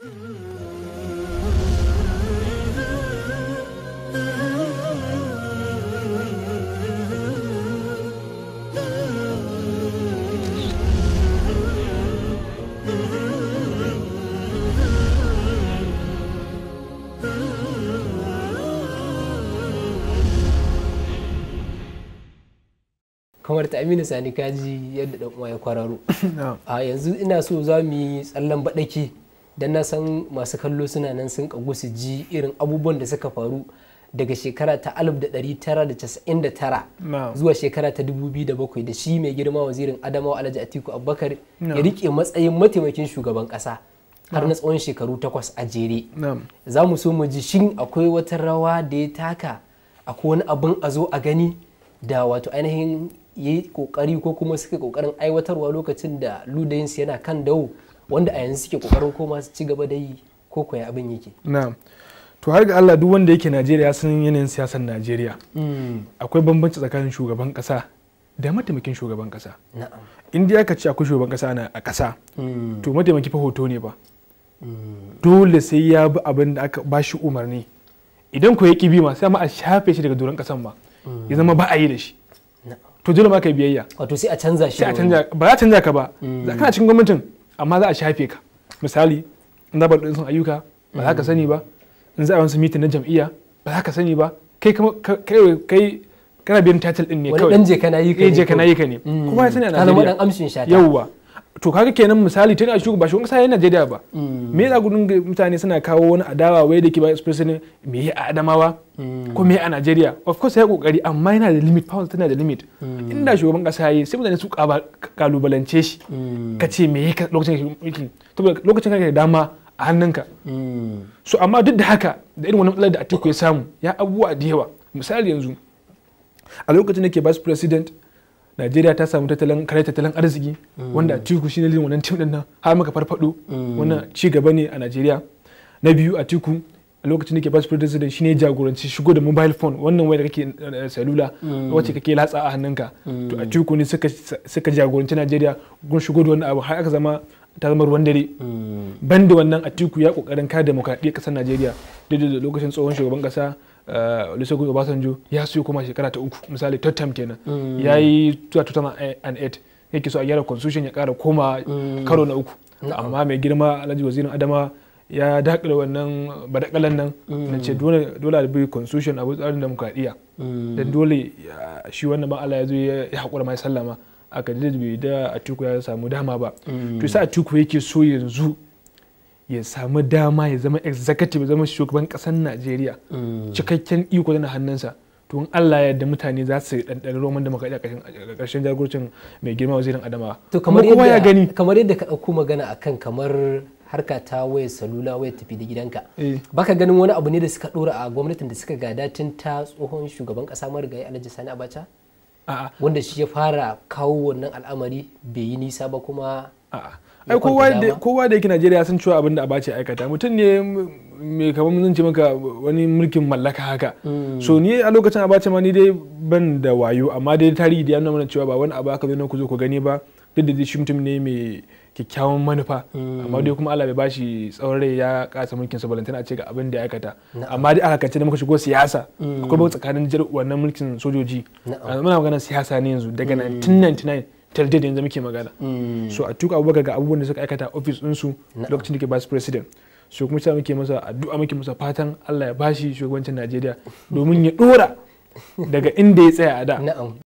kamar ta amina sani kaji yadda dan uwa ya kwararo a yanzu ina so za mu yi tsallan baɗake don na san masu kallo suna nan sun kagu su ji irin abubuwan da suka faru daga shekara ta 1999 zuwa shekara ta 2007 da shi mai girma wazirin adamawa alhaji atiku abubakar ya rike matsayin mataimakin shugaban kasa har na tsawon shekaru takwas a jere za mu so mu ji shin akwai wata rawa da ya taka akwai wani abin a zo a gani da wato ainihin ya yi kokari ko kuma suka kokarin aiwatarwa lokacin da ludayinsu yana kan dawo wanda a yanzu suke kokarin koma su ci gaba da yi ko kuwa abin yake na to har ga Allah duk wanda yake Najeriya sun yanayin siyasar Najeriya hmm. akwai bambanci tsakanin shugaban kasa da mataimakin shugaban kasa in dai aka ce akwai shugaban kasa na a kasa hmm. to mataimaki fa hoto ne ba hmm. dole sai ya bi abin da aka ba shi umarni idan ko ya ki ma sai ma a shafe shi daga doron kasan ma ya zama ba a yi da shi to dole ma ka biyayya wato sai a canza shi ba za a canza ka ba za kana cikin gwamnatin amma za a shafe ka misali in za ba sun ayyuka ba za ka sani ba in za a wani mitin na jam'iyya ba za ka sani ba kai kai kana biyan title din ne kawai wani dan je kana yi ka ne kuma ya sani ana Najeriya amshin shata to kaga kenan misali tana a shi ba shugaban kasa Najeriya ba mm. me yasa gudun mutane suna kawo wani adawa wai da ke ba express ne me yi a Adamawa mm. ko me a Najeriya of course ya kokari amma yana da limit pounds tana da limit mm. inda shugaban kasa yayi sai mutane su kalubalance shi ka ce me yi lokacin mulki to dama a hannun ka so amma duk da haka da irin wani matsalar da Atiku ya samu ya abubuwa da yawa misali yanzu a lokacin da ke vice president Najeriya ta samu tattalin kare tattalin arziki mm. wanda Atiku shine lilin wannan tim din nan har muka farfado mm. wannan ci gaba ne a Najeriya na biyu Atiku a lokacin da ke bas president shine jagoranci shigo da mobile phone wannan waya da kake eh, salula mm. wacce kake latsa a hannunka to Atiku ne suka suka jagoranci Najeriya gun shigo da wannan abu har aka zama ta zama ruwan dare banda wannan Atiku ya kokarin kare demokradiyyar kasar Najeriya daidai da lokacin tsohon shugaban kasa Eh, Olusegun Obasanjo ya siyo kuma shekara ta uku misali Tottenham kenan mm. ya yi zuwa 2008 yake so a gyara constitution ya kara koma mm. karo na uku mm. amma mai girma Alhaji wazirin Adama ya dakile wannan badakalan nan na ce dole a bi constitution a tsarin demokradiya dan dole shi wannan ba Allah ya zo ya hakura mai sallama a kadidar bai a tuku ya samu dama ba to sai a tuku yake so yanzu ya samu dama ya zama executive ya zama shugaban kasar najeriya mm. cikakken iko na hannunsa to in Allah ya da mutane za su ɗanɗani roman da makaɗi a ƙarshen jagorcin mai girma wazirin adamawa to kamar yadda ya gani kamar yadda ka ɗauko magana akan kamar harka ta waya salula waya tafi da gidanka eh. baka ganin wani abu ne da suka ɗora a gwamnatin da suka gada tun ta tsohon shugaban ƙasa marigayi alhaji sani abacha wanda shi ya fara kawo wannan al'amari bai yi nisa ba kuma ai kowa da yake najeriya sun cewa abin da abace aikata mutum ne mai kamar zan ce maka wani mulkin mallaka haka hmm. so ni a lokacin abace ma ni dai ban da wayo amma dai tarihi da ya nuna mana cewa ba wani abu aka zo ku zo ku gani ba duk da shi mutum ne mai kyakkyawan manufa hmm. amma dai kuma Allah bai bashi tsawon rai ya kasa mulkin sa balantana a ce ga abin da ya aikata amma dai aka kace da muka shigo siyasa akwai hmm. tsakanin wannan mulkin sojoji muna magana siyasa ne yanzu daga 1999 tarde da yanzu muke magana hmm. so a tuka abubakar ga abubuwan da suka aikata ofis ɗinsu lokacin da ke vice president so kuma sai muke masa addu'a muke masa fatan Allah ya bashi shugabancin Najeriya domin ya dora daga inda ya tsaya a da